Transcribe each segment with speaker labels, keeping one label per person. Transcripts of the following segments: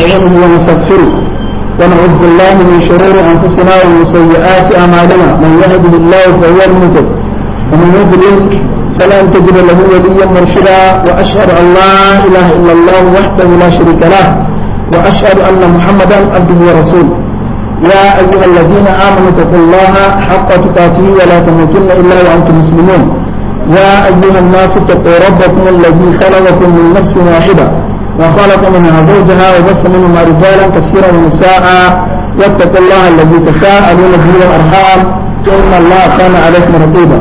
Speaker 1: نستعينه ونستغفره ونعوذ بالله من شرور أنفسنا ومن سيئات أعمالنا من يهد الله فهو المهتد ومن يضلل فلن تجد له وليا مرشدا وأشهد أن لا إله إلا الله وحده لا شريك له وأشهد أن محمدا عبده ورسوله يا أيها الذين آمنوا اتقوا الله حق تقاته ولا تموتن إلا وأنتم مسلمون يا أيها الناس اتقوا ربكم الذي خلقكم من نفس واحدة وخلق منها زوجها وبث منهما رجالا كثيرا ونساء واتقوا الله الذي تساءلون به والارحام ان الله كان عليكم رقيبا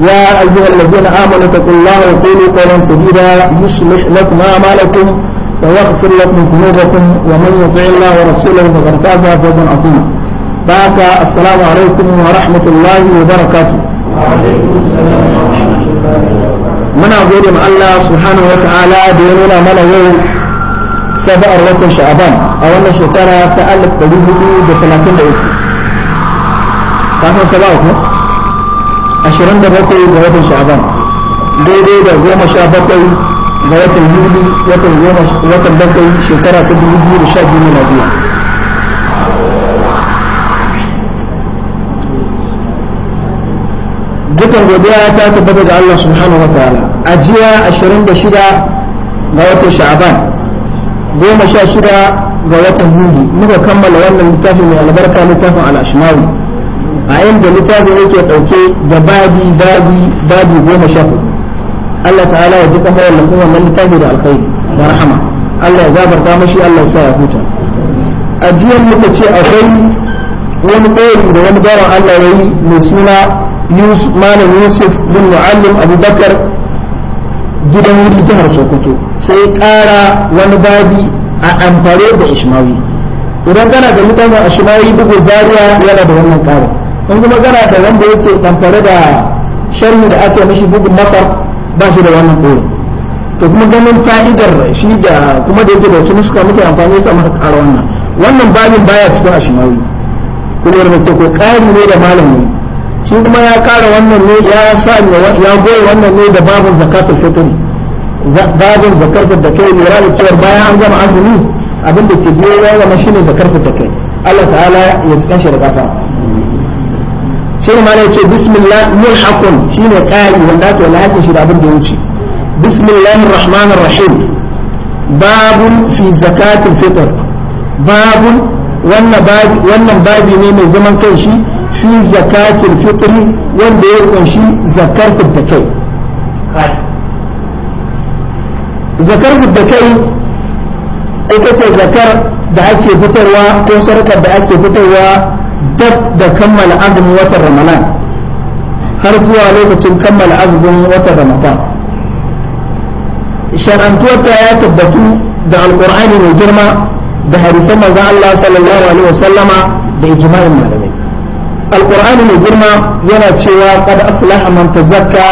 Speaker 1: يا ايها الذين امنوا اتقوا الله وقولوا قولا سديدا يصلح لكم اعمالكم ويغفر لكم ذنوبكم ومن يطع الله ورسوله فقد فاز فوزا عظيما بعد السلام عليكم ورحمه الله وبركاته وعليكم
Speaker 2: السلام ورحمه الله وبركاته
Speaker 1: من gode ma سبحانه وتعالى wa ملايين sabar watan sha'aban a wannan shekara ta alif ɗari hudu da talatin da uku ka san saba uku ashirin da bakwai ga watan sha'aban daidai da goma sha bakwai ga watan yuli watan goma watan bakwai shekara ta dubu biyu da sha biyu miladiya dukan godiya ta tabbata ga Allah subhanahu wa ta'ala a jiya 26 ga watan sha'aban goma sha shida ga watan yuli muka kammala wannan littafi mai albarka littafin al'ashmawi a inda littafi yake ɗauke da babi babi babi goma sha hudu Allah ta'ala ya ji kafa wallafin wannan littafi da alkhairi da rahama Allah ya gabarta mashi Allah ya sa ya huta a jiya muka ce akwai wani ɗori da wani bawan Allah ya yi mai suna Malam Yusuf bin Mu'allim Abubakar gidan wuri jihar sokoto sai ƙara wani babi a amfare da ishmawi idan kana da mutane a shimawi bugu zaria yana da wannan ƙara in kuma kana da wanda yake amfare da sharhi da ake mishi bugun masar ba shi da wannan ɗoro to kuma ganin fa'idar shi da kuma da yake da wacce musuka muke amfani sa maka ƙara wannan wannan babin baya cikin a shimawi kuma da ko kari ne da malamin shi kuma ya kara wannan ne ya sa ya goye wannan ne da babu zakatul fitri babin zakar da kai lura da cewar bayan an gama azumi abin da ke biyo ya zama shine zakar da kai Allah ta'ala ya tukan shi da gafa shine ma ne ce bismillah mulhaqun shine kari wanda ake lahakin shi da abin da ya wuce bismillahir rahmanir rahim babun fi zakatul fitr babun wannan babi wannan babi ne mai zaman kanshi fi zakatul fitr wanda ya kunshi zakar da kai zakar da kai ita ce zakar da ake fitarwa ko sarkar da ake fitarwa dab da kammala azumin watan ramadan har zuwa lokacin kammala azumin watan ramadan ta ya tabbatu da alkur'ani mai girma da hadisan manzo Allah sallallahu alaihi wasallama da ijma'in malamai alkur'ani mai girma yana cewa qad aflaha man tazakka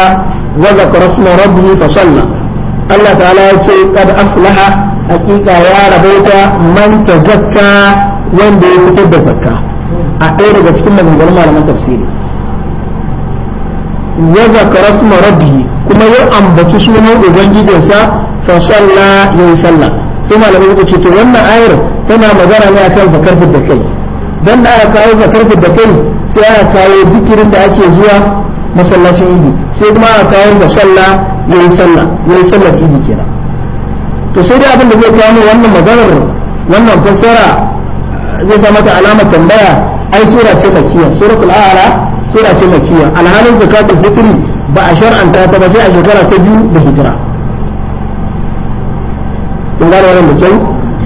Speaker 1: wa dhakara Allah ta'ala ya ce kad aslaha hakika ya rabauta man tazakka wanda ya fitar da zakka a ɗaya daga cikin maganganun malaman tafsiri wa zakara sma rabbihi kuma ya ambaci sunan ubangijinsa fa sallah ya salla sai malamai suka ce to wannan ayar tana magana ne akan zakar da kai dan da aka kawo zakar da kai sai aka kawo zikirin da ake zuwa masallacin idi sai kuma aka kawo da sallah yayi sallah yayi sallar idi kenan to sai dai abin da zai kawo min wannan maganar wannan fassara zai sa mata alamar tambaya ai sura ce makkiya suratul a'la sura ce makkiya alhalin zakatul fitri ba a shar'anta ta ba sai a shekara ta biyu da hijira kun gane wannan da kyau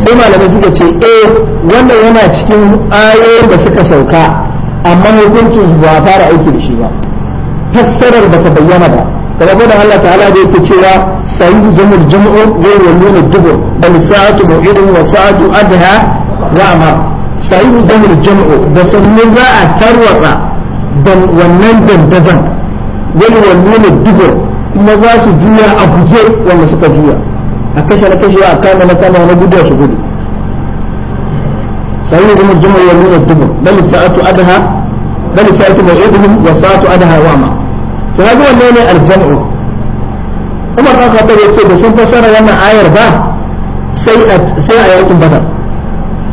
Speaker 1: sai malamai suka ce eh wannan yana cikin ayoyin da suka sauka amma hukuncin ba fara aiki da shi ba fassarar ba ta bayyana ba kamar faɗin Allah ta'ala da yake cewa sayi zamul jumu'u yau wa nuna dubu bal sa'atu mu'idun wa sa'atu adha wa ma sayi zamul jumu'u da sanne za a tarwatsa dan wannan dandazan wani wannan dubu kuma za su juya a guje wanda suka juya a kashe na kashe a kama na kama na gudu su gudu sayi zamul jumu'u wa nuna dubu bal sa'atu adha bal sa'atu mu'idun wa sa'atu adha wa amar to haka wannan ne aljam'u umar ɗan khattab ya ce da sun fassara wannan ayar ba sai a yakin badar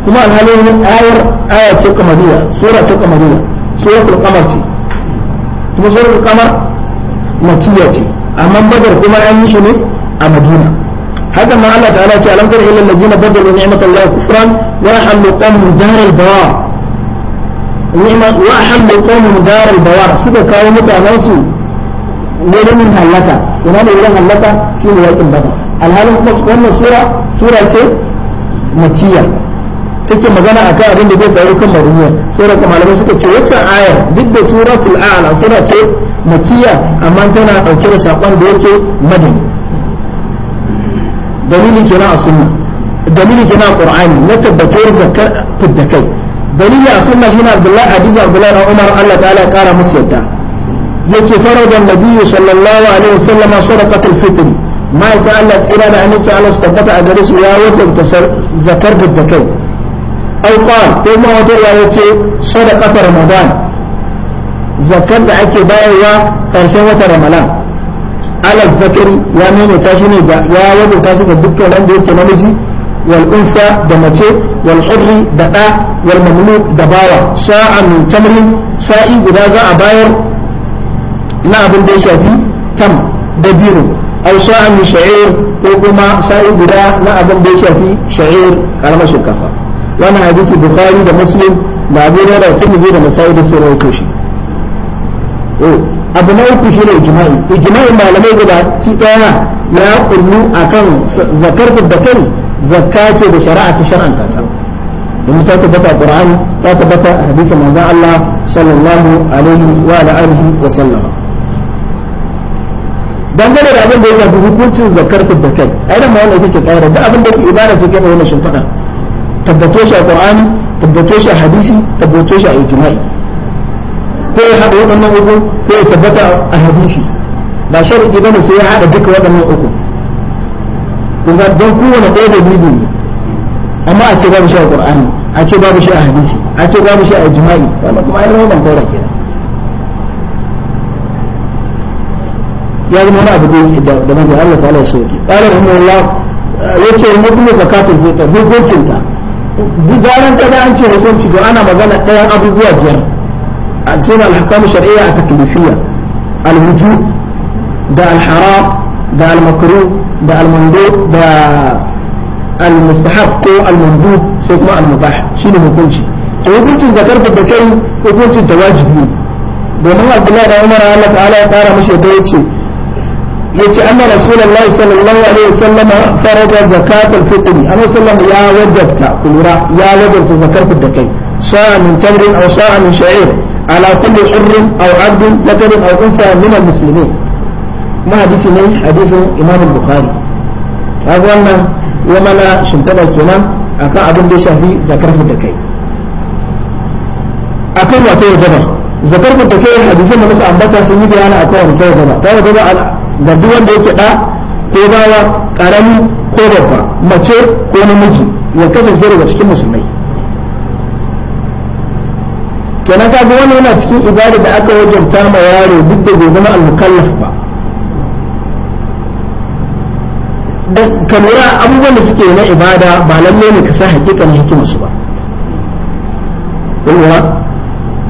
Speaker 1: kuma alhalin ayar aya ce kamariya sura ta kamariya suratul qamar ce kuma suratul qamar makiyya ce amma badar kuma an yi shi ne a madina haka ma Allah ta'ala ce alam kana illal ladina badalu ni'matallahi kufran wa halu qawmun daral bawar ni'ma wa halu qawmun daral bawar suka kawo mutanen su wurin hallaka ina ne wurin hallaka shi ne yakin bada alhalin kuma wannan sura sura ce makiya take magana akan abin da zai faru kan madina sura kuma malamai suka ce waccan aya duk da suratul a'la sura ce makiya amma tana dauke da sakon da yake madani dalili kenan a sunna dalili kenan a qur'ani na tabbatar zakar fidda kai dalili a sunna shine abdullahi hadisi abdullahi umar Allah ta'ala ya kara musu yadda yace farada nabiyyu sallallahu alaihi wasallam sadaqatul fitr ma ta Allah tsira da annabi Allah su tabbata a gare su ya wajabta zakar da kai ai ko ko ma wata ya yace sadaqat ramadan zakar da ake bayarwa karshen wata ramadan alal zakari ya nuna ta shi ne da ya wajabta shi ga dukkan wanda yake namiji والأنثى دمتي da bawa والمملوك دباوة tamrin sa'i guda za a bayar. na abin da ya shafi tam da biyu au sa'an sha'ir ko kuma sa'i guda na abin da ya shafi sha'ir karamar shinkafa wannan hadisi bukhari da muslim da abu da da kuma da masai da sai rawaito shi oh, abu na uku shi ne ijma'i ijma'i malamai guda ki daya ya kullu akan zakar da kai zakka ce da shari'a ta shar'anta ta domin ta tabbata a Qur'ani ta tabbata a hadisin manzon Allah sallallahu alaihi wa alihi wa sallama dangane da abin da ya shafi hukuncin zakar da kai ai da mawala yake kaira da abin da yake ibada sai kai wannan shimfiɗa tabbato shi a qur'ani tabbato shi a hadisi tabbato shi a ijma'i ko ya hada waɗannan uku ko ya tabbata a hadisi ba sharadi bane sai ya hada duka waɗannan uku kun ga don kowane ɗaya da bibi ne amma a ce babu shi a qur'ani a ce babu shi a hadisi a ce babu shi a ijma'i wannan kuma ai rawan kaura ke ya zama wani abu da da manzon Allah ta'ala ya soke qala rahimahullah yace mu kuma zakatul fitr hukuncin ta duk zaran kaga an ce hukunci to ana magana ɗayan abubuwa biyar sai na al-ahkam shar'iyya a taklifiyya al-wujub da al-haram da al-makruh da al-mandub da al-mustahab ko al-mandub sai kuma al-mubah shine hukunci to hukuncin zakar da kai hukuncin da wajibi domin Abdullahi da Umar Allah ta'ala ya tsara mashi da yace yace anna rasulullahi sallallahu alaihi wasallam farada zakatul fitr annabi sallallahu ya wajabta kulura ya wajabta zakar da kai sha'a min tamrin aw sha'a min sha'ir ala kulli hurrin aw abdin zakarin aw unsa min almuslimin ma hadisi ne hadisin imam bukhari kaga wannan ya mana shimfiɗa kenan akan abin da ya shafi zakar da kai akan wata wajaba zakar da kai hadisin da muka ambata sun yi bayani akan wata wajaba ta wajaba ga duk wanda yake da ko bawa karami ko babba mace ko namiji ya kasance daga cikin musulmai kenan ka ga wannan yana cikin ibada da aka wajen ma yaro duk da bai zama al-mukallaf ba ka lura abubuwan da suke na ibada ba lalle ne ka sa hakikan hikimar su ba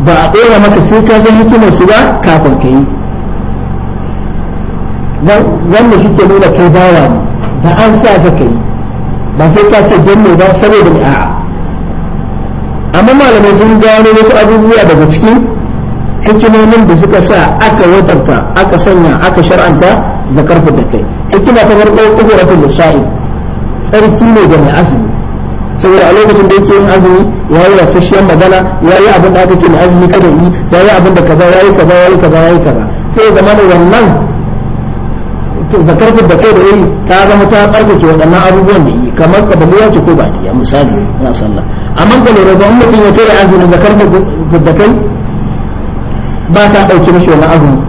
Speaker 1: ba a ɗora maka sai ka san hikimar su ba kafin ka yi wanda shi ke nuna kai bawa da an sa ka kai ba sai ka ce don ba saboda ni a'a amma malamai sun gano wasu abubuwa daga cikin hikimomin da suka sa aka watanta aka sanya aka shar'anta zakar da kai hikima ta farko kuduratul lisha'i tsarki ne ga mai azumi saboda a lokacin da yake yin azumi ya yi rasasshiyar magana ya yi abin da aka ce mai azumi kada yi ya yi abin da kaza ya yi kaza ya yi kaza ya yi kaza sai zama da wannan zakar da kai da yayi ta zama ta barkace waɗannan abubuwan da yi kamar ka babu ce ko ba ya misali na sallah amma ka lura ba mutum ya kai azumin zakar da kai ba ta dauke mishi wannan azumin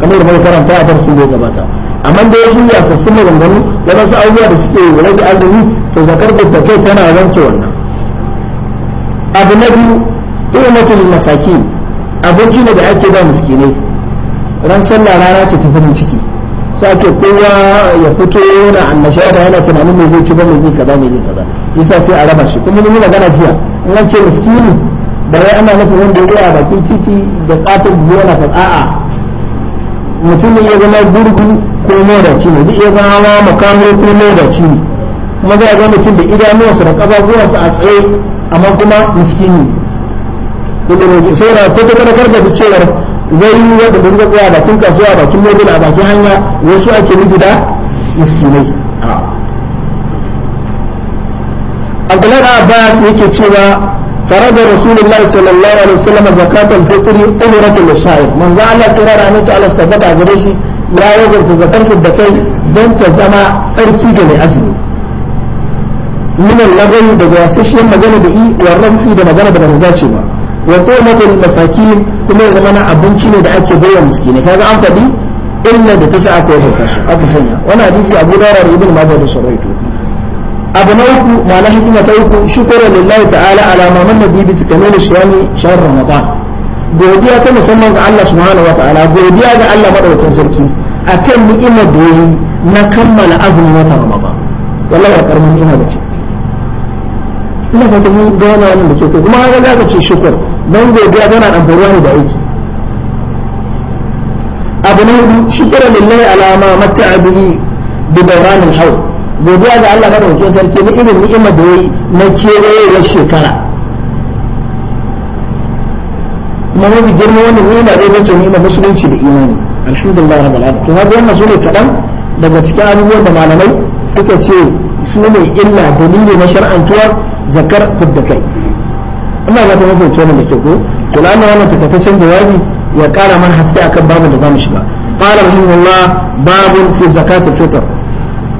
Speaker 1: kamar da mai karanta a darsin da ya gabata amma da ya shirya sassun maganganu da wasu abubuwa da suke rage azumi to zakar da kai tana wanke wannan abu na biyu irin mutum masaki abinci ne da ake ba miskinai ran sallah rana ce ta farin ciki sake kowa ya fito yana annashawa da yana tunanin mai zai ci ba mai zai kaza mai zai kaza yasa sai a raba shi kuma mun yi magana jiya in an ce miskini da wai ana nufin wanda ya a bakin titi da katon buwa na a'a mutum ne ya zama gurgu ko ci ne zai iya zama makamai ko ci ne kuma zai zama mutum da idanuwarsa da ƙafafuwarsa a tsaye amma kuma miskini sai na ko ta karfe su cewar wani wata da suka tsaye a bakin kasuwa bakin mobil a bakin hanya wasu ake rigi da musulmai a gudanar ba su yake cewa fara da rasulun lai a zakatar fesiri ta lura ta lashayi man za a na tura da amince ala sabbata gare shi ya wajarta zakar su da kai don ta zama sarki da mai asini minan lagari daga zuwa sashen magana da yi warar su da magana da ba dace ba wa tu'matul masakin kuma ya zama na abinci ne da ake bayar miskinai kaga an faɗi illa da ta sa aka yi su aka sanya wani hadisi abu dara da ibn majah da abu na uku ma'ana hikima ta uku shukura lillahi ta'ala ala ma manna bi bi tikamin shani shahr ramadan godiya ta musamman ga Allah subhanahu wa ta'ala godiya ga Allah madaukakin sarki akan ni'imar da yi na kammala azumin wata ramadan wallahi ya karmin ina fata mun gane wannan da ke ko kuma ga zaka ce shukur dan godiya tana amfani ne da aiki abu na hudu shukura lillahi ala ma matta'a bihi bi dawranil hawl godiya ga Allah madaukakin sarki ni irin ni'imar da yayi na kewayewar shekara kuma mafi girma wannan ni'ima zai bace ni'imar musulunci da imani alhamdulillah rabbil alamin to haka wannan sune daga cikin abubuwan da malamai suka ce su ne illa dalili na shar'antuwa zakar fidda kai ina ta kuma bai tona da ko to lana wannan takaitaccen ya kara man haske akan babu da zamu shiga qala rahimahullah babun fi zakatul fitr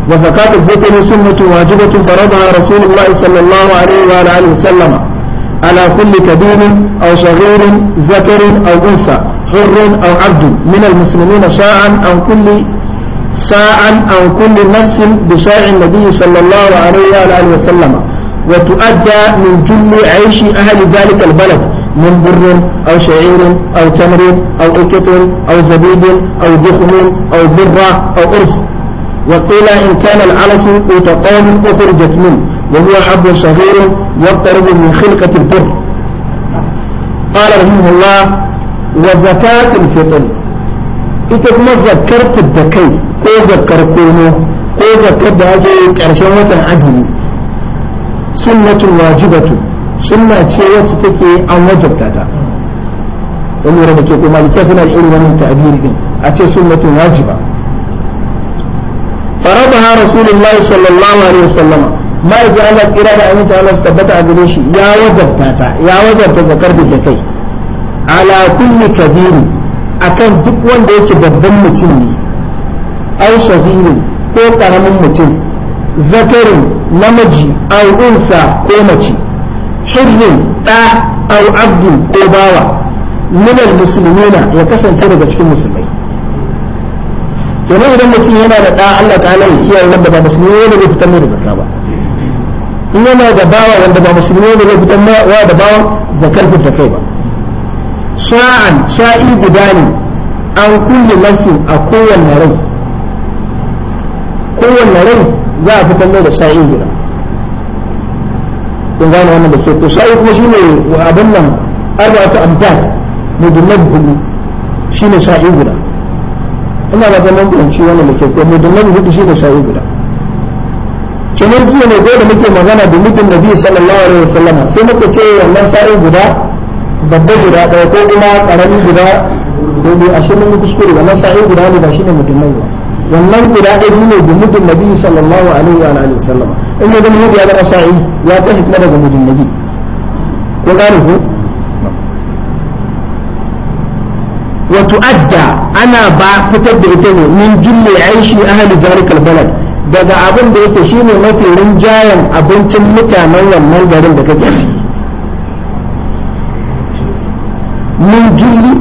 Speaker 1: wa zakatul fitr sunnatu wajibatun faradaha rasulullahi sallallahu alaihi wa alihi wasallam على كل كبير أو صغير ذكر أو أنثى حر أو عبد من المسلمين شاعا عن كل ساعا عن كل نفس بشاع النبي صلى الله عليه وآله وسلم وتؤدى من جل عيش أهل ذلك البلد من بر أو شعير أو تمر أو إكت أو زبيب أو دخن أو برة أو أرز وقيل إن كان العلس قوت قوم أخرجت منه وهو حب صغير يقترب من خلقة البر قال رحمه الله وزكاة الفطر ita kuma zakar الدكي ko zakar kono ko zakar da ake karshen watan azumi sunnatul wajibatu sunna ce wacce take an wajabta ta wani da ke ko malikiya suna da irin wannan ta'abiri din a ce sunnatul wajiba faradaha rasulullahi sallallahu alaihi wasallam ma yaji Allah tsira da aminta Allah su tabbata a gare shi ya wajabta ta ya wajabta zakar da kai ala kulli kabiru akan duk wanda yake babban mutum ne أو shahirin ko karamin mutum zakarin namiji أو unsa ko mace hirrin ɗa au abdin ko bawa minal musulmina ya kasance daga cikin musulmai kenan idan mutum yana da ɗa Allah ta'ala ya kiyaye wanda ba musulmi ne zai fitar mai da zakka ba in yana da bawa wanda ba musulmi ne zai fitar wa da bawa zakar fitar kai ba sha'an sha'i guda ne an kulle nafsin a kowanne rai kowanne rai za a fitar mai da sa'in guda kun gane wannan da sa'i kuma abin nan hudu guda ina ba nan wannan da guda kamar jiya ne ko da muke magana da mutum nabi sallallahu alaihi sai muka ce wannan guda babba guda ɗaya ko kuma ƙarami guda da ashe mun kuskure wannan sa'i guda ne ba wannan guda ɗaya shine jumudin nabi sallallahu alaihi wa alihi sallama in ya zama ya zama sa'i ya tashi kuma daga mudin nabi ko gane ko wa tu'adda ana ba fitar da ita ne min julli aishi ahli zalika albalad daga abin da yake shine mafi rinjayen abincin mutanen wannan garin da kake ciki min julli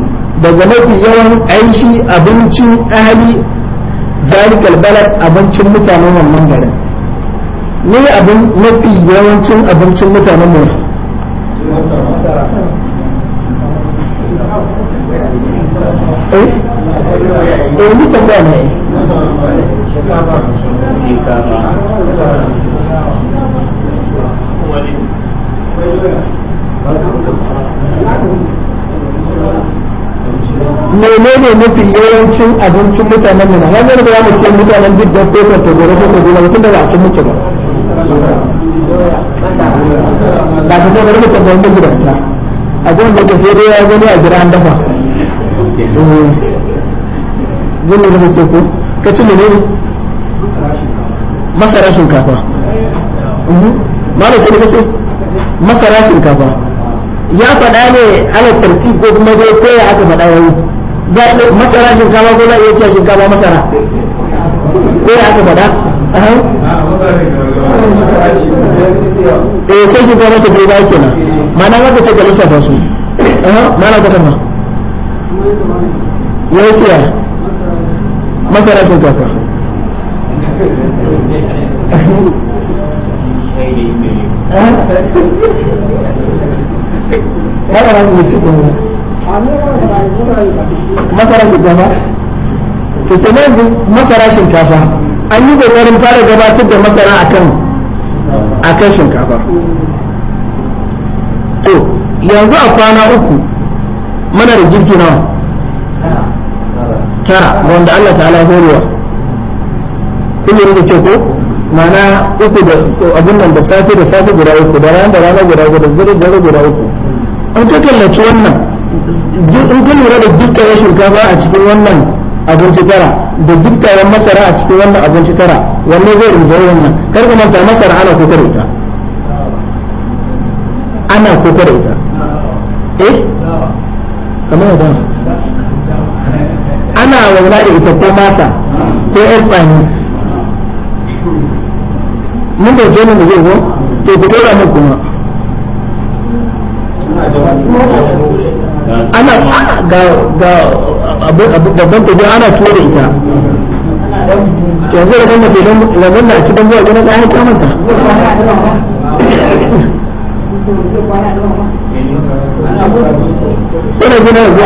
Speaker 1: daga mafi yawan aishi abincin ahli zalikal balad abincin mutanen wannan garin ne abin mafi yawancin abincin mutanen mu
Speaker 2: eh eh ni kan ne Thank
Speaker 1: menene mafi yawancin abincin mutanen nan ranar da mu ce mutanen duk da ko ta gore ko ta gore tun da ba a ci muke ba ba ta ce bari mu tabbatar da ta a gun da sai dai ya gani a gida an dafa gini eh. da muke ko ka ci menene masara shinkafa mhm. malam sai ka ce masara shinkafa ya faɗa ne ala tarfi ko kuma dai ko ya aka faɗa yayi masara shinkafa ko za a iya cewa shinkafa masara ko ya aka faɗa eh sai shinkafa ta bai ba kenan ma'ana haka ce ka lissafa su ma'ana ka kama ya yi siya masara shinkafa Haka na mutu kuma. masara shinkafa to kenan masara shinkafa an yi kokarin fara gabatar da masara akan akan shinkafa to yanzu a kwana uku mana da girki nawa tara wanda Allah ta'ala horewa kullum da ke ko mana uku da abin nan da safe da safe guda uku da rana da rana guda uku da zira da guda uku an ka kallaci wannan in ka lura da dukkanin shinkafa a cikin wannan abinci tara da dukkanin masara a cikin wannan abinci tara wanne zai rinjaye wannan kar ka manta masara ana ko da ita ana ko da ita eh kamar yadda ana wauna da ita ko masa ko yan tsani mun da jini da zai zo to ku dora mun kuma ana ga ga babban kogi ana tuwo da ita
Speaker 2: yanzu da kan mafi lamar da a ci dambu a gina tsaye ta manta ina gina yanzu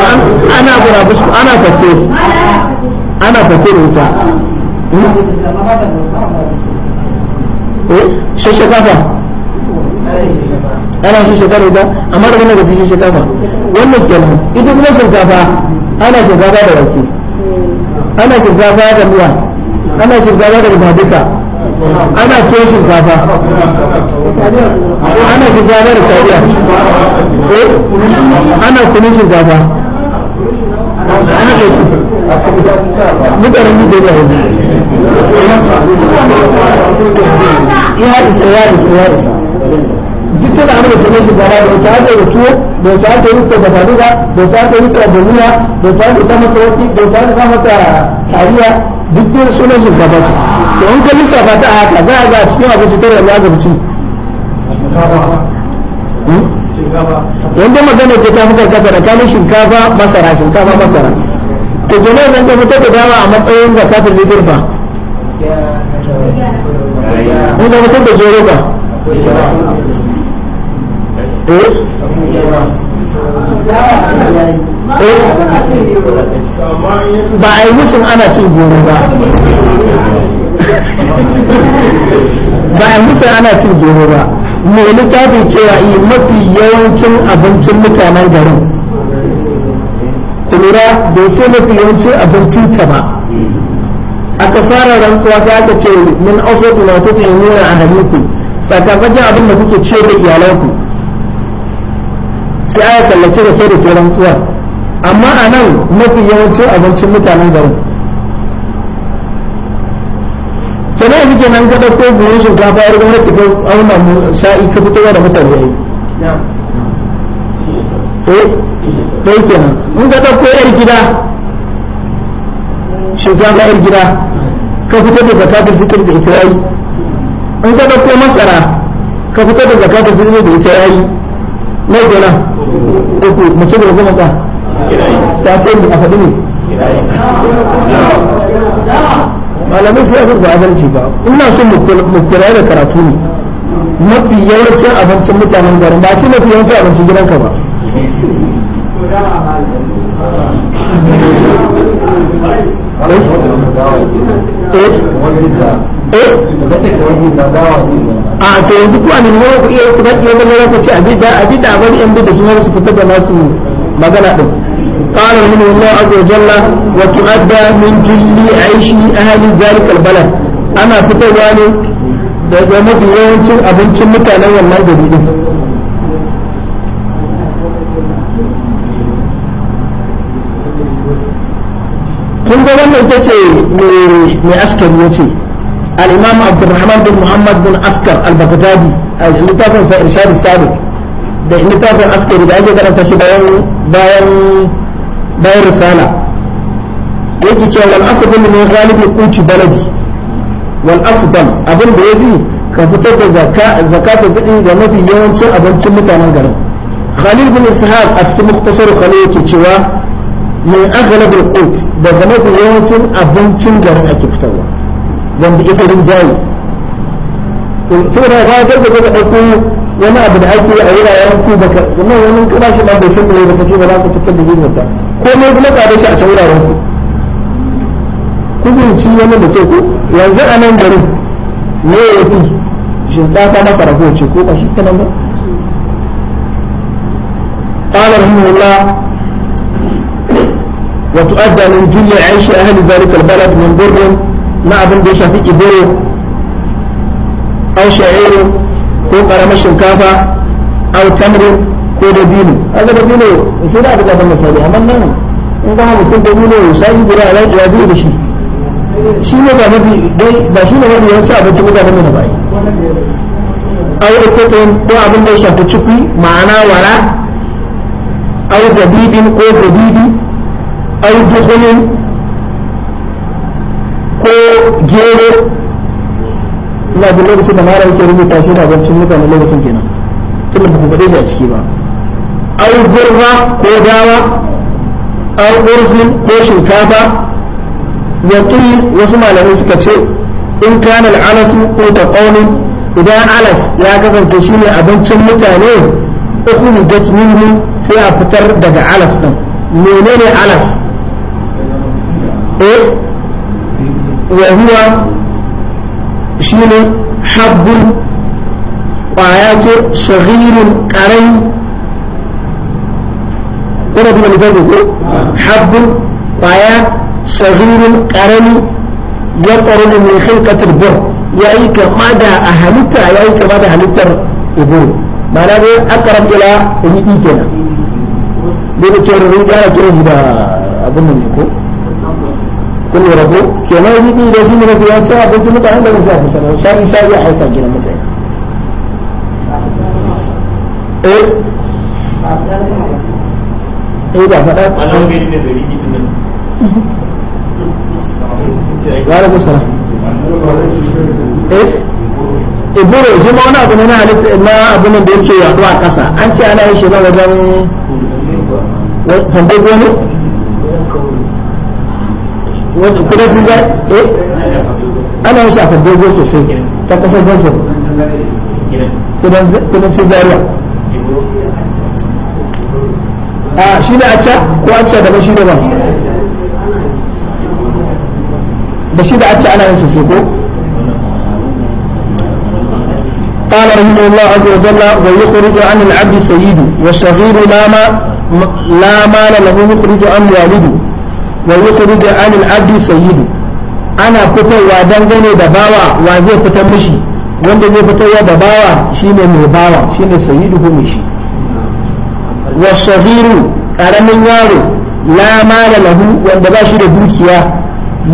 Speaker 2: ana burabu ana fate ana fate da ita
Speaker 1: hmm? eh? shashakafa ana shashakafa ita amma da gina ga shashakafa wannan kenan ita kuma shinkafa ana shinkafa da wake ana shinkafa da miya ana shinkafa da duka ana ke shinkafa ana shinkafa da tariya eh? ana kunin shinkafa
Speaker 2: ana ke shi mutanen mu da
Speaker 1: ya isa ya isa ya isa duk da amurka sanar shinkafa da wata hada da tuwo bai ta ta rika da faruwa bai ta ta rika da miya bai ta ta mata wani bai ta ta mata tariya duk dai sunan shinkafa ce to in ka lissafa ta haka za a ga cikin abinci ta rayuwa ga mutum wanda magana ke ta fitar kafa da kanin shinkafa masara shinkafa masara to jama'a nan ta fitar da dama a matsayin zakatul fitr ba
Speaker 2: in ka fitar da gero ba ba a yi musun ana
Speaker 1: cin goro ba ba a yi musun ana cin goro ba mai littafi cewa yi mafi yawancin abincin mutanen garin kuma da ce mafi yawancin abincin ka ba aka fara rantsuwa sai aka ce min aswatu na tutu yi nuna a hannuku sakamakon abin da kuke ce da iyalanku sai aya tallace da kai da ke rantsuwa amma a nan mafi yawancin abincin mutanen garin ta ne suke nan ka ko buhun shinkafa ya rigar tafi auna mu sa'i ka fito da mutane yi eh dai kenan in ka dauko yar gida shinkafa yar gida ka fito da zakatar fitar da ita yayi in ka ko masara ka fito da zakatar fitar da ita yayi mai kenan uku mace da zama ta ta ce a faɗi ne malamai fiye da adalci ba ina so mu da karatu ne
Speaker 2: mafi yawancin
Speaker 1: abincin mutanen garin ba ce mafi yawancin abincin gidanka ba
Speaker 2: eh, eh?
Speaker 1: Eh? a ah, to yanzu kuwa ne mawa ku iya su baki wani lalata ce abida abida bani yan bida su wani su fitar da masu magana din qala min allah azza wa jalla wa tu'adda min aishi ahli dhalik al balad ana fitarwa ne da ga mafi yawancin abincin mutanen wannan gari din kun ga wannan ta ce mai askari ya الإمام عبد الرحمن بن محمد بن أسكر البغدادي اللي تابع إرشاد السابق ده اللي تابع أسكر ده أجد أن تشي باين باين باين رسالة يجي تشي والأفضل من غالب قوت بلدي والأفضل أبن بيدي كفتر زكاة زكاة بدي جمدي يوم تشي أبن تشي متانا غرم خليل بن إسحاق أفتم مختصر خليل تشيوا من أغلب القوت ده يوم تشي أبن تشي جرم أكي wanda ita rinjaye saboda ka garba ka ɗauko wani abu da ake a wuraren ku baka wannan wani kana shi ba bai san me baka ce ba za ka fitar da zuwa ta ko ne kuma tsada shi a can wuraren ku kudin ci wani da ke ku yanzu a nan garin me ya fi shinkafa masa rago ce ko ba shi kenan ba قال رحمه الله وتؤدى من جل عيش أهل ذلك البلد من بر na abin da ya shafi iboro au sha'iru ko karamar shinkafa au tamrin ko dabino kaga dabino sai da aka gaban misali amma nan in ga mutum dabino ya sai guda ya ya zai da shi shi ne ba mafi dai ba shi ne wani mafi ci abinci guda da mai bai au ikotun ko abin da ya shafi cikin ma'ana wara au zabibin ko zabibi au dukhulin ko gero ina da lokacin da mara yake rubuta shi da abincin mutane lokacin kenan tunda ba ku faɗe shi a ciki ba au gurba ko dawa au urzin ko shinkafa wa wasu malamai suka ce in kana al'alasu ko ta qawlin idan alas ya kasance ne abincin mutane ukhrijat minhu sai a fitar daga alas din menene alas eh وهو شنو حب وآيات صغير قرن قرب من ذلك حب وآيات صغير قرن يقرن من خلقة البر يأي كمدى أهلتها يأي كمدى يقول ما معناه أقرب إلى إيجينا بيقول كيرو ريجانا كيرو هبا أبنى منكم kun lura ko kenan da shi ne mafi mutanen da fitar haifar mutane eh eh ba faɗa sara eh, eh shi ma wani abu ne na halitta na abin da yake yaduwa a ƙasa an ce ana yin shi na wajen wajen kudancin za eh ana yin shafa dogo sosai ta kasar zanzan kudancin zaria a shi ne acca ko acca daban shi daban da shi da acca ana yin sosai ko قال رحمه الله عز وجل ويخرج عن العبد سيده والصغير لا ما لا مال له يخرج عن والده wa yuqridu anil abdi sayyidu ana fitarwa dangane da bawa wa zai fitar mishi wanda zai fitarwa da bawa shine mai bawa shine sayyidu ko mishi
Speaker 2: shi
Speaker 1: wa sahiru karamin yaro la mala lahu wanda ba shi da dukiya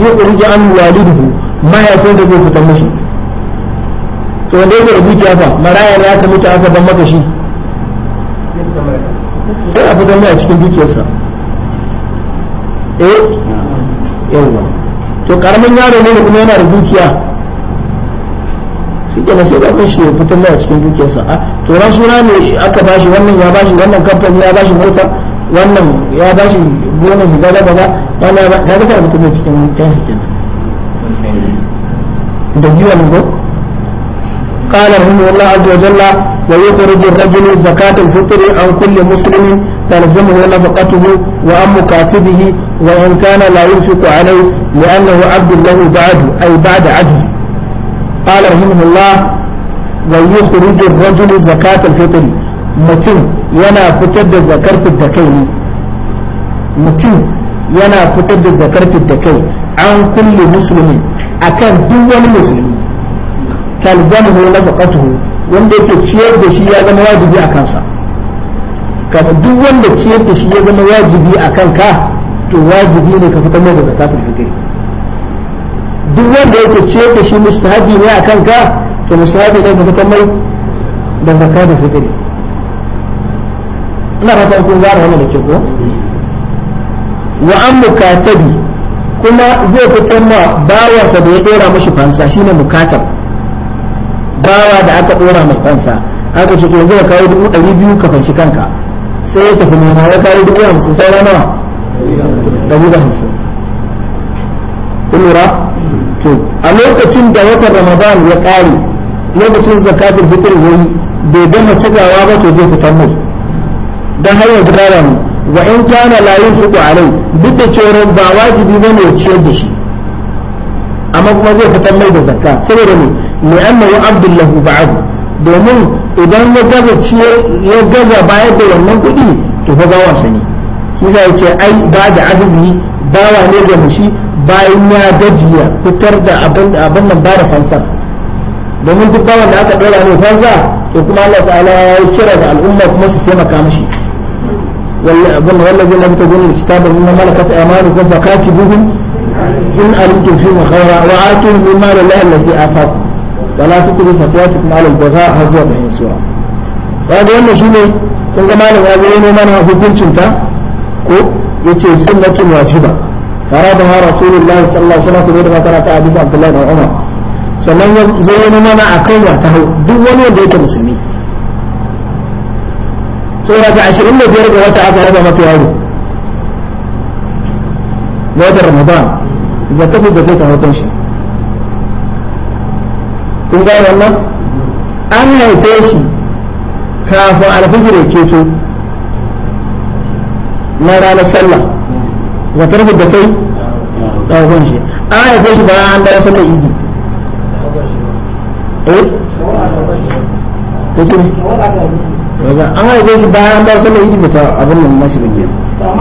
Speaker 1: yuqridu an walidihi mahaifin da zai fitar mishi to wanda yake da dukiya fa maraya ya ta mutu aka ban maka shi
Speaker 2: sai a fitar mai a cikin dukiyarsa
Speaker 1: eh yawa to karamin yaro ne kuma yana da dukiya shi kenan sai da shi ya fitar da cikin dukiyarsa a ah, to ran suna ne aka bashi wannan ya bashi wannan kamfani ya bashi mota wannan ya bashi gona shi gaza gaza wannan ya ga ta mutum da cikin yan shi
Speaker 2: kenan
Speaker 1: da biyu ne ko قال رحمه الله عز وجل ويخرج الرجل زكاة الفطر عن كل مسلم تلزمه نفقته وأم كاتبه وإن كان لا ينفق عليه لأنه عبد له بعد أي بعد عجز قال رحمه الله ويخرج الرجل زكاة الفطر متن ينا فتد زكاة الدكين متن ينا فتد زكاة الدكين عن كل مسلم أكان دول مسلم تلزمه نفقته wanda yake ciyar da shi ya zama wajibi a kansa kama duk wanda ciyar da shi ya zama wajibi a kanka to wajibi ne ka fitar mai da zakatul fitr duk wanda yake ciyar da shi mustahabi ne a kanka to mustahabi ne ka fitar mai da zakatul fitr ina fatan kun gane wannan da ke ko wa an mukatabi kuma zai fitar ma bawansa da ya dora mashi fansa shine mukatab bawa da aka dora mai fansa aka ce to zai kawo dubu ɗari biyu ka fanshi kanka sai ya tafi noma ya kayi dubu hamsin sai na nawa dubu hamsin kun to a lokacin da watan ramadan ya kare lokacin zakatul fitr yi bai gama cikawa ba to zai fitar mai dan har yanzu gara mu wa in kana layin yunfiqu alai duk da cewa ba wajibi bane ya ciyar da shi amma kuma zai fitar mai da zakka saboda ne li'annahu abdullahu ba'adu domin idan ya gaza ciyar ya gaza bayar da wannan kuɗi to fa bawa sani shi ya ce ai ba da azizi bawa ne ga mushi bayan ya gajiya fitar da abin abin nan ba da fansa domin duk bawan da aka ɗora ne fansa to kuma Allah ta'ala ya kira da al'umma kuma su taimaka mishi والذين لم bugun الكتاب مما ملكت ايمانكم فكاتبوهم ان علمتم فيهم ma واتوا مما لله الذي اتاكم wala tukuru fatiyatukum ala al-baza har zuwa bayan sura kaga wannan shine kun ga malam ya zo ne mana hukuncin ta ko yace sunnatun wajiba faradaha rasulullahi sallallahu alaihi wasallam da masara ta hadisi abdullahi bin umar sannan ya zo ne mana akan wata hau duk wani wanda yake musulmi sura ta biyar ga wata aka raba mata yaro wata ramadan zakatu da kai ta hutun shi kun gane wannan an haife shi kafin alfijir ya keto na ranar sallah da kai ɗaukun shi an haife shi bayan an dara sallar idi eh? an haife shi bayan an dara sallar idi bata abin nan mashi ba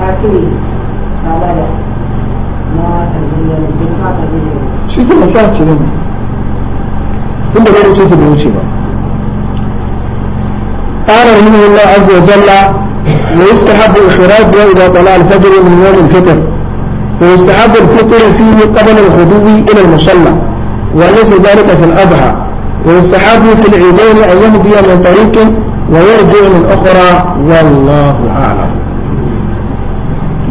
Speaker 2: هاتي قال ما تبين ما
Speaker 1: تبين shi kuma sa قال رحمه الله عز وجل ويستحب الخراج إذا طلع الفجر من يوم الفطر ويستحب الفطر فيه قبل الغدو إلى المصلى وليس ذلك في الأضحى ويستحب في العيدين أن يهدي من طريق ويرجع من أخرى والله أعلم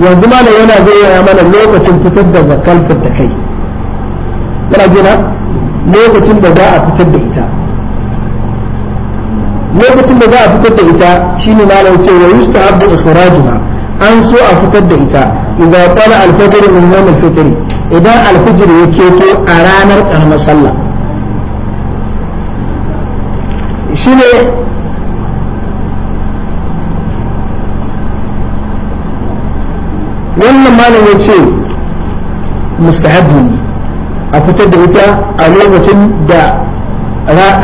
Speaker 1: yanzu ma yana zai mana lokacin fitar da zakal da kai yana gina lokacin da za a fitar da ita lokacin da za a fitar da ita shine malam ce wa Abdu ikhrajuha an so a fitar da ita idan qala al-fajr min yawm al-fitr idan al-fajr ya keto a ranar karamar sallah shine wannan malam ya ce mustahabu ne a fitar da ita a lokacin da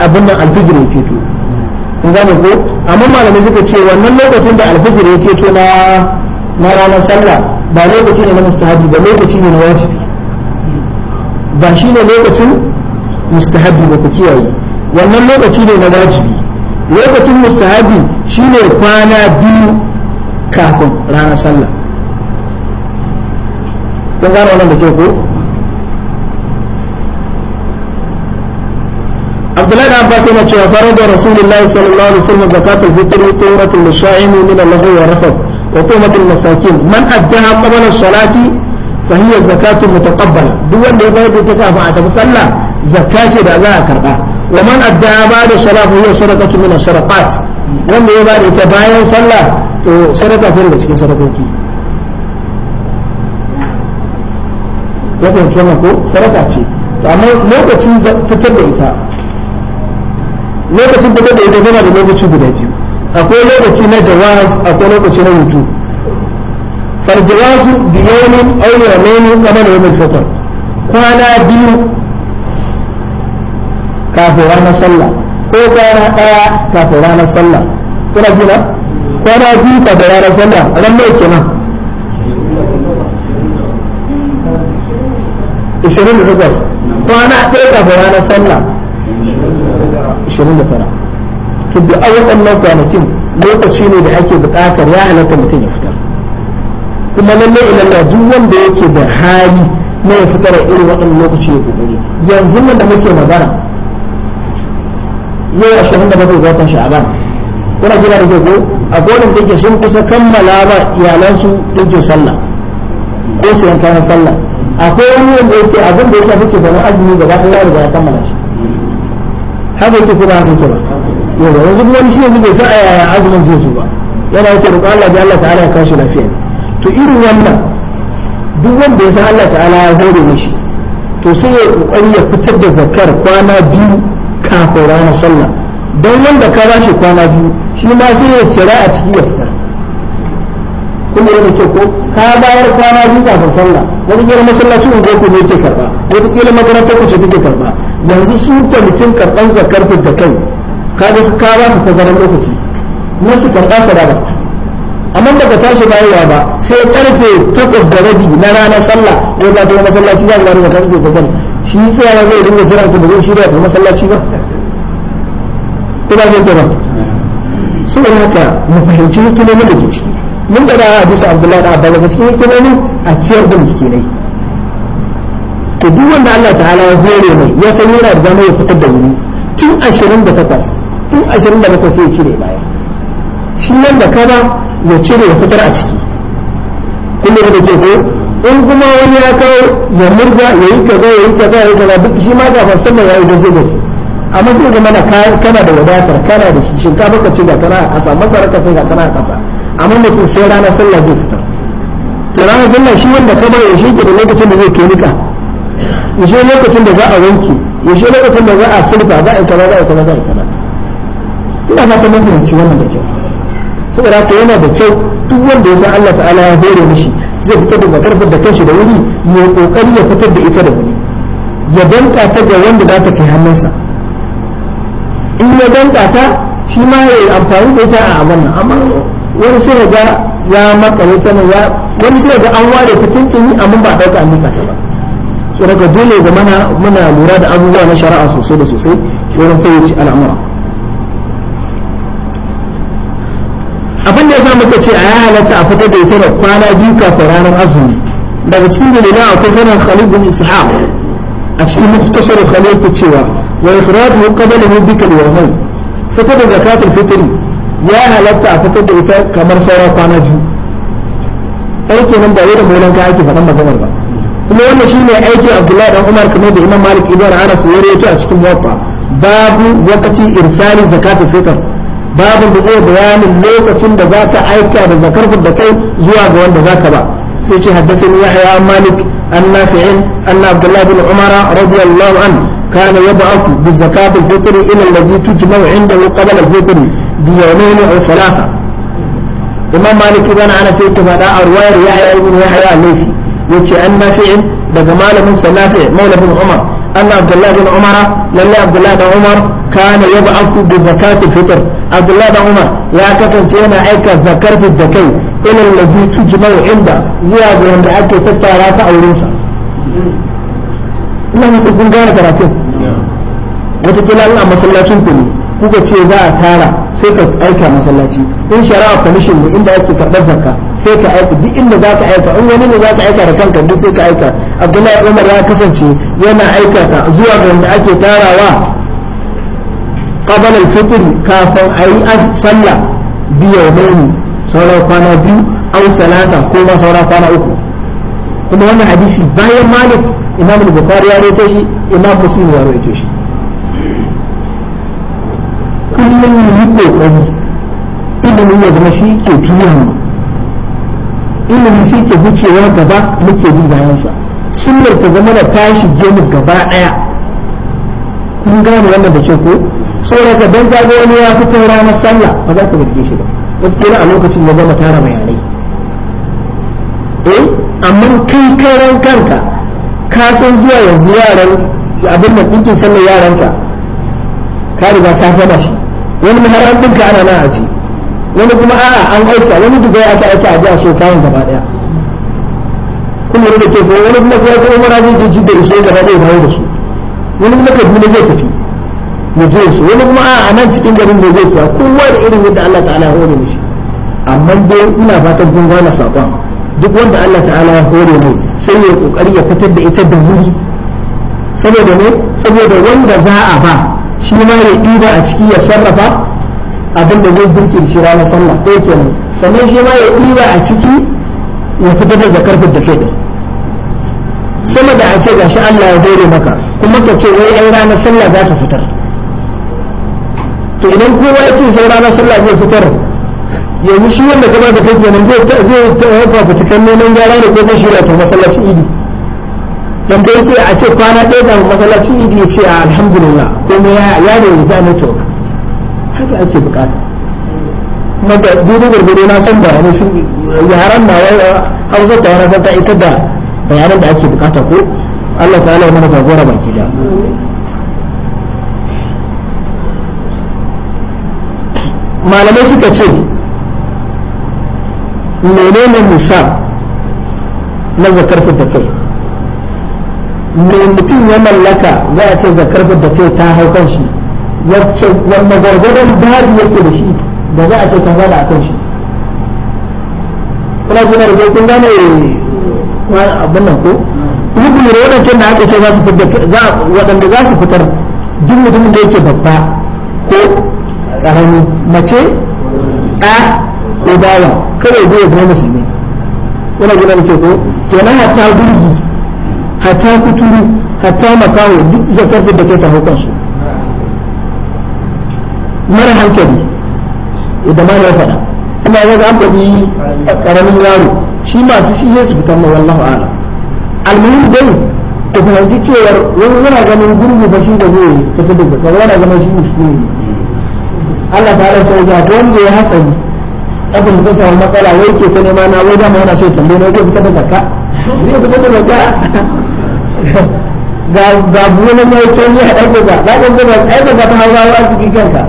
Speaker 1: abin nan alfijir ya fito in gane ko amma malamai suka ce wannan lokacin da alfijir ya fito na na ranar sallah ba lokaci ne na mustahabi ba lokaci ne na wajibi ba shi ne lokacin mustahabi ba ku kiyaye wannan lokaci ne na wajibi lokacin mustahabi shine kwana biyu kafin ranar sallah kun gane wannan da ke ko Abdullahi da Abbas yana cewa farar da Rasulullahi sallallahu alaihi wasallam zakatul fitr turatun lisha'imi min Allah wa rafath wa tumatul masakin man addaha qabla salati fa hiya zakatun mutaqabbala duk wanda ya bayar da ta kafin a tafi sallah zakka ce da za a karba wa man addaha ba'da salat fa hiya sadaqatu min as-sadaqat wanda ya bayar da ta bayan sallah to sadaka ce daga cikin sadakoki ya fahimci ko sarata ce amma lokacin fitar da ita lokacin fitar da ita yana da lokaci guda biyu akwai lokaci na jawaz akwai lokaci na hutu فالجواز بيوم أو kamar da يوم fitar kwana biyu kafin ranar sallah ko kwana ɗaya kafin ranar sallah kuna gina kwana biyu kafin ranar sallah ranar mai kenan
Speaker 2: ishirin da takwas kwana ɗaya kafin ranar sallah
Speaker 1: ishirin da tara to duk a waɗannan kwanakin lokaci ne da ake buƙatar ya halatta mutum ya fitar kuma lallai ilallah duk wanda yake da hali na ya fitar irin waɗannan lokaci ya kokari yanzu mun da muke magana yau ashirin da bakwai watan sha'aban kuna jira da ko a gonan da ke sun kusa kammala ba iyalansu ɗinkin sallah ko sayan kayan sallah akwai wani wanda yake abin da ya shafi ce gaban azumi gaba ɗaya da ya kammala shi haka yake ko ba haka yake ba yau yanzu kuma shi yanzu bai san a yaya azumin zai zo ba yana yake roƙo Allah da Allah ta'ala ya kashi lafiya to irin wannan duk wanda ya san Allah ta'ala ya hore mishi to sai ya kokari ya fitar da zakar kwana biyu kafin ranar sallah don wanda ka ba shi kwana biyu shi ma sai ya cira a ciki ya fita kuma da ke ko ka bayar kwana biyu kafin sallah wani kila masallaci unguwar ku ne ke karba wata kila makarantar ku ce take karba yanzu su kwamitin karban zakar da kai kaga su kawo su tazaran lokaci na su karba sadaka amma daga tashi bayarwa ba sai karfe takwas da rabi na ranar sallah ko ba ta masallaci za a zuwa da karfe takwas shi tsaya zai dinga jiran ta da zai shirya ta masallaci ba ina zai ba saboda haka mu fahimci hikimomin da ke ciki mun da a bisa abdullahi da abbas daga cikin hikimomin a ciyar da miskinai to duk wanda Allah ta'ala ya hore mai ya san yana da dama ya fitar da wuri tun 28 tun 27 sai ya cire baya shi nan da kada ya cire ya fitar a ciki kun da ke ko in kuma wani ya kawo ya murza ya yi kaza ya yi kaza ya yi kaza duk shi ma ga fasan ya yi gaje gaje amma sai zama kana da wadatar kana da shi shinkafa ka ce ga kana a kasa masara ka ce ga kana a kasa amma mutum sai ranar sallah zai fita to ranar sallah shi wanda ka bayar shi ke da lokacin da zai ke nika yaushe lokacin da za a wanke yaushe lokacin da za a sulfa za a kaza za a kaza za a kaza ina fata mun fahimci wannan da kyau saboda haka yana da kyau duk wanda ya san Allah ta'ala ya hore mishi zai fitar da zakar da kanshi da wuri ya kokari ya fitar da ita da wuri ya danka ta ga wanda za ta kai hannunsa in ya danka ta shi ma ya yi amfani da ita a amanna amma wani sai ga ya makale sama ya wani sai ga an ware ta tuntuni amma ba dauka an nika ta ba so daga dole ga mana muna lura da abubuwa na shari'a sosai da sosai wurin fayyace al'amura abin da yasa muka ce a ya halatta a fitar da ita da kwana biyu kafin ranar azumi daga cikin dalilan akwai sanar Khalid bin Ishaq a cikin muktasar Khalid cewa wa ikhrajuhu qabla mubika al-yawmayn fitar da zakatul fitri ya halatta a fitar da ita kamar sauran kwana biyu ɗan kenan ba wai da molan ka ake faɗan maganar ba kuma wannan shi ne aikin abdullahi dan umar kamar da imam malik ibn anas ya rawaito a cikin muwaffa babu wakati irsali zakatul fitr babu da zai bayanin lokacin da za ka aika da zakar da kai zuwa ga wanda zaka ba sai ce haddathani yahya malik annafiin nafi'in anna abdullahi bin umara radiyallahu anhu كان يبعث بالزكاة ila إلى الذي تجمع عنده قبل الفطر بيومين أو ثلاثة إمام مالك بن أنس يتفادى أرواية يحيى بن يحيى الليثي يتي أن نافع daga malamin sanafi maula bin umar anna abdullahi bin umar lalle abdullahi bin umar kana yab'athu bi zakati fitr abdullahi bin umar ya kasance yana aika zakar da kai ila allazi tujma'u inda zuwa ga wanda ake tattara ta auren sa ina mutum kun gane karatun wata kila a masallacin ku kuka ce za a tara sai ka aika masallaci in shari'a commission ne inda ake karɓar zakka sai ka aika duk inda za ka aika in wani ne za ka aika da kanka duk sai ka aika abdullahi umar ya kasance yana aikata zuwa ga wanda ake tarawa qabala al-fitr kafin ayi sallah biyawmaini sauran kwana biyu au salasa ko ma sauran kwana uku kuma wannan hadisi bayan malik imam al-bukhari ya rawaito shi imam muslim ya rawaito shi kullum mu yi kokari ilimin ya zama shi ke juya mu ilimin shi ke wucewa gaba muke bi bayansa sunnar ta zama da tashi je mu gaba daya kun gane wannan da ke ko saboda dan ka ga wani ya fito ranar sallah ba za ka burge shi ba gaskiya a lokacin da zama tara bayanai eh amma kai karan kanka ka san zuwa yanzu yaran abin da ɗinkin sallar yaranka ka riga ka fada shi wani muharram ɗinka ana na aji wani kuma a an aika wani dubai aka aika a so kayan gaba daya kuma wani da ke ko wani kuma sai ya kuma mara zai jijji da iso gaba daya bayan da su wani kuma kaduna zai tafi ya je su wani kuma a nan cikin garin da zai siya kowa da irin yadda Allah ta'ala ya hore mishi amma dai ina fatan kun gane sakon duk wanda Allah ta'ala ya hore mai sai ya kokari ya fitar da ita da wuri saboda ne saboda wanda za a ba shi ma ya ɗiba a ciki ya sarrafa abin da zai burkinci ranar sallah ɗaya kenan sannan shi ma ya ɗiba a ciki ya fitar da zakar da kai sama da a ce gashi Allah ya daure maka kuma ka ce wai ai ranar sallah za ta fitar to idan kowa ya ce sai ranar sallah zai fitar yanzu shi wanda gaba da kai kenan zai zai ta fitukan neman gyara da ko shi da to masallacin idi dan dai sai a ce kwana ɗaya da masallaci idi ya ce ah, alhamdulillah kuma ya ya da ya ne to haka ake bukata kuma da dudu gurgudu na san bayanai sun yaran na wai hausa da wani ta isa da bayanan da ake bukata ko Allah ta'ala ya mana gagora baki da malamai suka ce menene musa na zakar da kai mai mutum ya mallaka za a ce zakar da kai ta hau kan shi wanda gwargwadon babu yake da shi da za a ce ta fada a kan shi kuna jina da kun gane abin nan ko hukun da wadancan da aka ce za su fitar waɗanda za su fitar duk mutumin da yake babba ko ƙarami mace a ko bawa kawai zai zama musulmi kuna jina da ke ko kenan hatta gurbi hatta kuturu hatta makawo duk zakar da kai ta haukan su mara hankali idan ma ya fada kuma ya ga abadi karamin yaro shi masu shi ne su fitar ma wallahu ala almuhim dai ku fahimci cewar wani yana ganin gurbi ba shi da ta ta da kawai yana ganin shi ne Allah ta halar sai ta wanda ya hatsari abin da ta samu matsala wai ke ta nema na wai dama yana so ya tambaye na wai zai fitar da zakka zai fitar da zakka ga ga buwanan mai can yi haɗa ga ba ga ga tsaye ga ta hawa wa ki kanka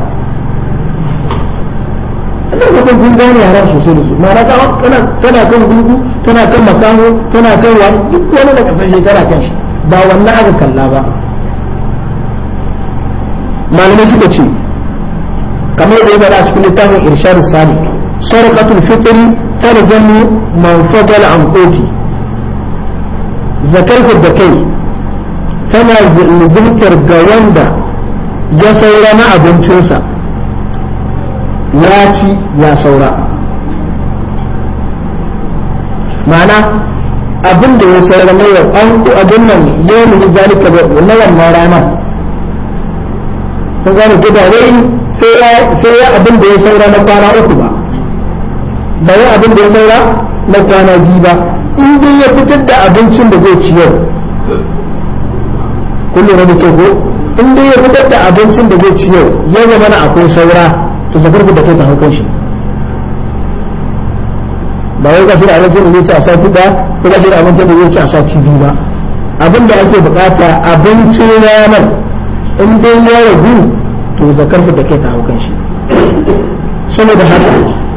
Speaker 1: Allah ka kan kun gane yaran sosai da su ma'ana ka kana kana kan gurgu kana kan makamo kana kan wani duk wani da kasashe kana kan shi ba wannan aka kalla ba malamai suka ce kamar da ya bada a cikin littafin irshadu salik sarqatul fitri tarzamu man fadala an koti zakar da kai tana zubtar ga wanda ya saura na abincinsa ya ci ya saura ma'ana abin da ya saura na yau an abin nan ya muni zalika na wannan rana kun gane gida wai sai ya abin da ya saura na kwana uku ba ba wai abin da ya saura na kwana biyu ba in dai ya fitar da abincin da zai ciyar kullum da ke ko in dai ya fitar da abincin da zai ciyar ya zama na akwai saura to zakar da kai ta hankan shi ba wai ka shirya abincin da zai ci a sati ba ko ka shirya abincin da zai ci a sati biyu ba abin da ake bukata abincin ranar in dai ya ragu to zakar da kai ta haukan shi saboda haka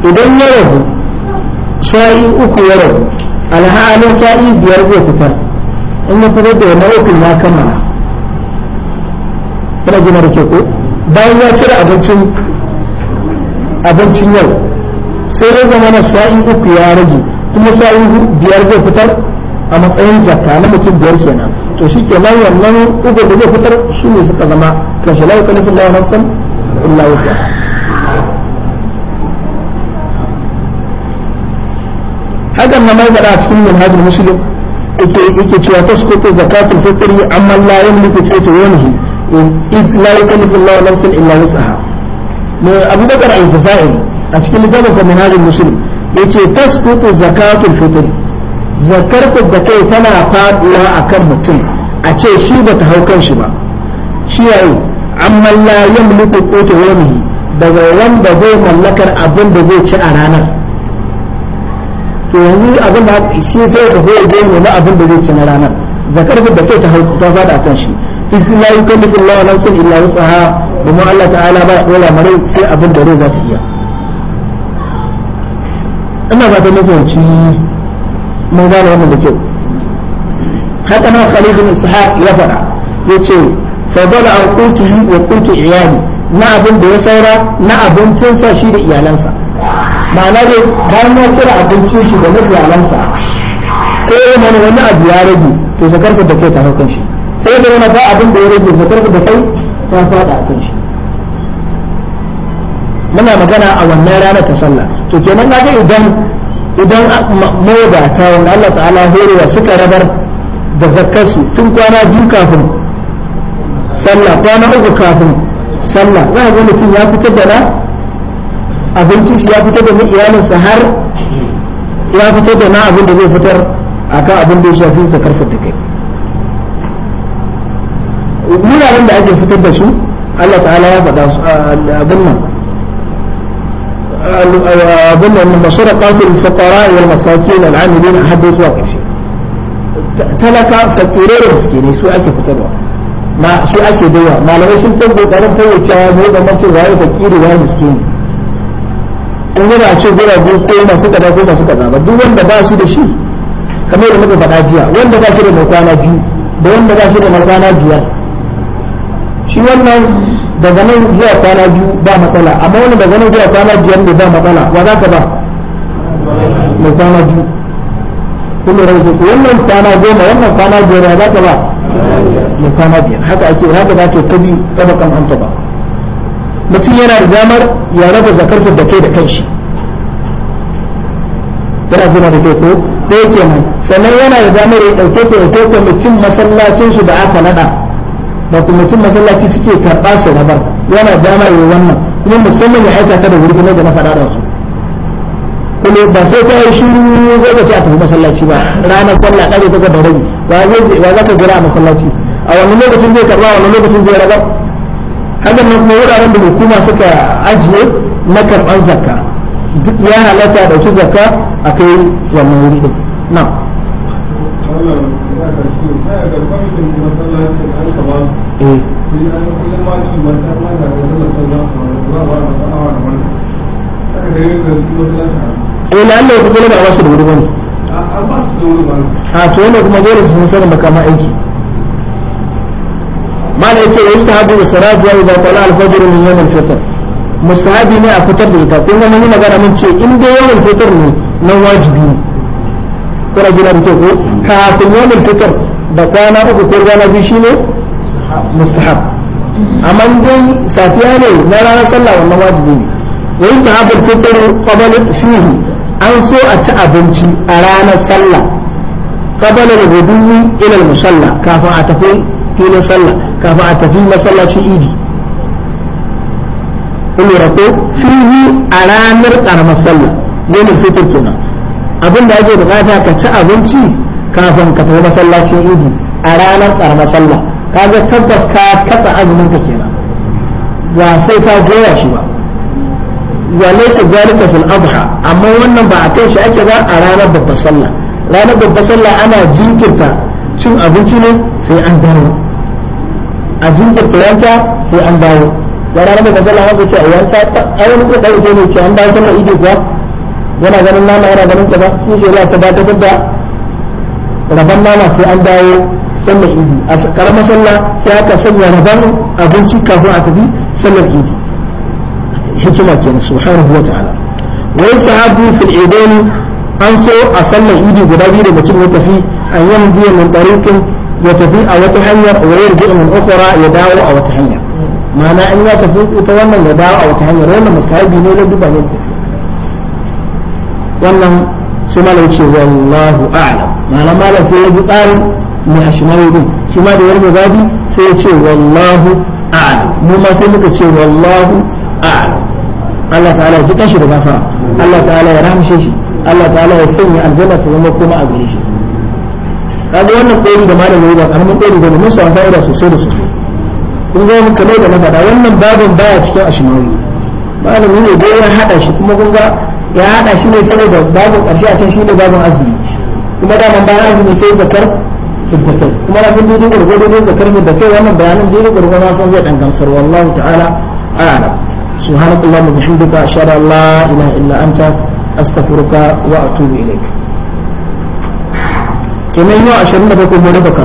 Speaker 1: idan ya ragu Sha'i uku yaro alhalin sa'i biyar zai fitar in ya fitar da wani uku ya kama. kuna jina da ko bayan ya cire abincin abincin yau sai ya zama na sa'i uku ya rage kuma sha'i biyar zai fitar a matsayin zakka na mutum biyar kenan to shi kenan wannan uku da zai fitar su ne suka zama kan shi lafiya kalifin lafiya illa wasa hakan na mai a cikin manhajul muslim yake yake cewa tasqutu zakatul fitri amma la yamliku qitwanihi in id la yukallifu Allah nafsan illa wus'aha ne Abu Bakar al-Jazairi a cikin littafin sa manhajul muslim yake tasqutu zakatul fitri zakar da kai tana faduwa akan mutum a ce shi ta hau kan shi ba shi yayi amma la yamliku qitwanihi daga wanda zai mallakar abin da zai ci a ranar to abin da shi sai ka hoye je ne na abin da zai ci na ranar zakar da kai ta ta fada akan shi kan isla yukallifu Allah nafsan illa wusaha kuma Allah ta'ala ba dole mare sai abin da rai za ta iya ina ba ta mafi mun gane wannan da kyau haka nan Khalid bin Ishaq ya fada yace fa dala an kuntu wa kuntu iyali na abin da ya saura na abincin sa shi da iyalansa ma'ana dai bayan ya cire abincin shi da na iyalansa sai ya mana wani abu ya rage to zakar da kai ta haukan shi sai da wani ba abin da ya rage zakar da kai ta fada a kan shi muna magana a wannan ranar ta sallah to kenan ga idan idan ta wanda Allah ta'ala horewa suka rabar da zakkarsu tun kwana biyu kafin sallah kwana uku kafin sallah za a ga mutum ya fitar da na abincin shi ya fitar da na iyalinsa har ya fitar da na abin da zai fitar akan abin da ya shafi zakar da kai wuraren da ake fitar da su Allah ta'ala ya faɗa su abin nan abin nan masarakatul fuqara wal masakin al amilin hadda zuwa ƙarshe talaka fakirai da miskinai su ake fitarwa ma su ake dawa malamai sun tabbata ƙarar fayyace ne da mutum waye fakiri waye miskini in yana ce guragu ko masu kaza ko masu kaza ba duk wanda ba shi da shi kamar da muka faɗa jiya wanda ba shi da mai kwana biyu da wanda ba shi da mai kwana biyar shi wannan daga nan zuwa kwana biyu ba matsala amma wani daga nan zuwa kwana biyar ne ba matsala wa za ka ba mai kwana biyu kuma rage su wannan kwana goma wannan kwana biyar wa za ka ba mai kwana biyar haka ake haka za ta biyu tabi tabakan an ba mutum yana da damar ya raba zakar da kai da kanshi yana zama da ko ɗaya nan sannan yana da damar ya ɗauke ta ya teku mutum masallacin su da aka naɗa da mutum masallaci suke karɓa su rabar yana da damar ya wannan kuma musamman ya ta da wurfi da na faɗa da su kuma ba sai ta yi shiru zai ka ce a tafi masallaci ba ranar sallah ɗari ta da rabi wa za ka gura a masallaci a wani lokacin zai karɓa wani lokacin zai rabar hakan nan kuma wuraren da hukuma suka ajiye na karɓar zakka duk ya halatta a ɗauki zakka a kai wannan wuri ɗin nan eh, eh lalle ku kula da wasu da wuri bane a to ne kuma dole su san sanin makama aiki mana yace wa istahabu israjuha idza tala al-fajr min yawm al-fitr mustahabi ne a fitar da zakka kun ga mun magana mun ce in dai yawm al-fitr ne na wajibi ne kuna jira da ko kafin yawm al-fitr da kwana uku ko kwana biyu shine mustahab amma dai safiya ne na ranar sallah wannan wajibi ne wa istahabu al-fitr qabla fihi an so a ci abinci a ranar sallah qabla al-ghuduwi ila al-musalla kafin a tafi filin sallah kafin a tafi masallacin idi lura ko fihi a ranar karamar sallah yana fitar kenan abin da ake bukata ka ci abinci kafin ka tafi masallacin idi a ranar karamar sallah ga tabbas ka katsa azumin ka kenan ba sai ka goya shi ba wa laysa zalika fil adha amma wannan ba a kai shi ake ba a ranar babbar sallah ranar babbar sallah ana jinkirta cin abinci ne sai an dawo a jinkirta yanka sai an dawo ya rana da sallah haka ce a yanka ayyana ko kuka ɗauke ne ce an dawo sallar idi kuwa yana ganin nama yana ganin kaza shi ce za ta dace da rabon nama sai an dawo sallar idi a karamar sallah sai aka sanya rabon abinci kafin a tafi sallar idi hikima na subhanahu wa ta'ala wa yastahabu fil idain an so a sallar idi guda biyu da mutum ya tafi an yamdiya min tariqin ya tafi a wata hanyar wa yarji min ya dawo a wata hanya ma'ana in ya tafi ita wannan ya dawo a wata hanyar wannan musahabi ne wannan shi ma ce wallahu ma'ana malam ya bi tsarin mai ashmawi din shi ma da yarda zabi sai ya Allah ta'ala ji kashi da gafara Allah ta'ala ya rahmshe shi Allah ta'ala ya sanya aljanna ta zama kuma a gare shi kaga wannan koyi da malam yayi ba karamin koyi ba mun samu fa'ida sosai da sosai kun ga mun kamar da na faɗa wannan babin baya cikin ashmawi malami ne dai ya hada shi kuma kun ga ya hada shi ne saboda babin ƙarshe a can shi ne babin azumi kuma da man bayan azumi sai zakar fiddakai kuma na san daidai gwargwado dai zakar kai wannan bayanan da gwargwado na san zai dan gamsar wallahu ta'ala a'lam سبحانك اللهم وبحمدك أشهد أن لا إله إلا أنت أستغفرك وأتوب إليك kenan yau ashirin da bakwai gobe baka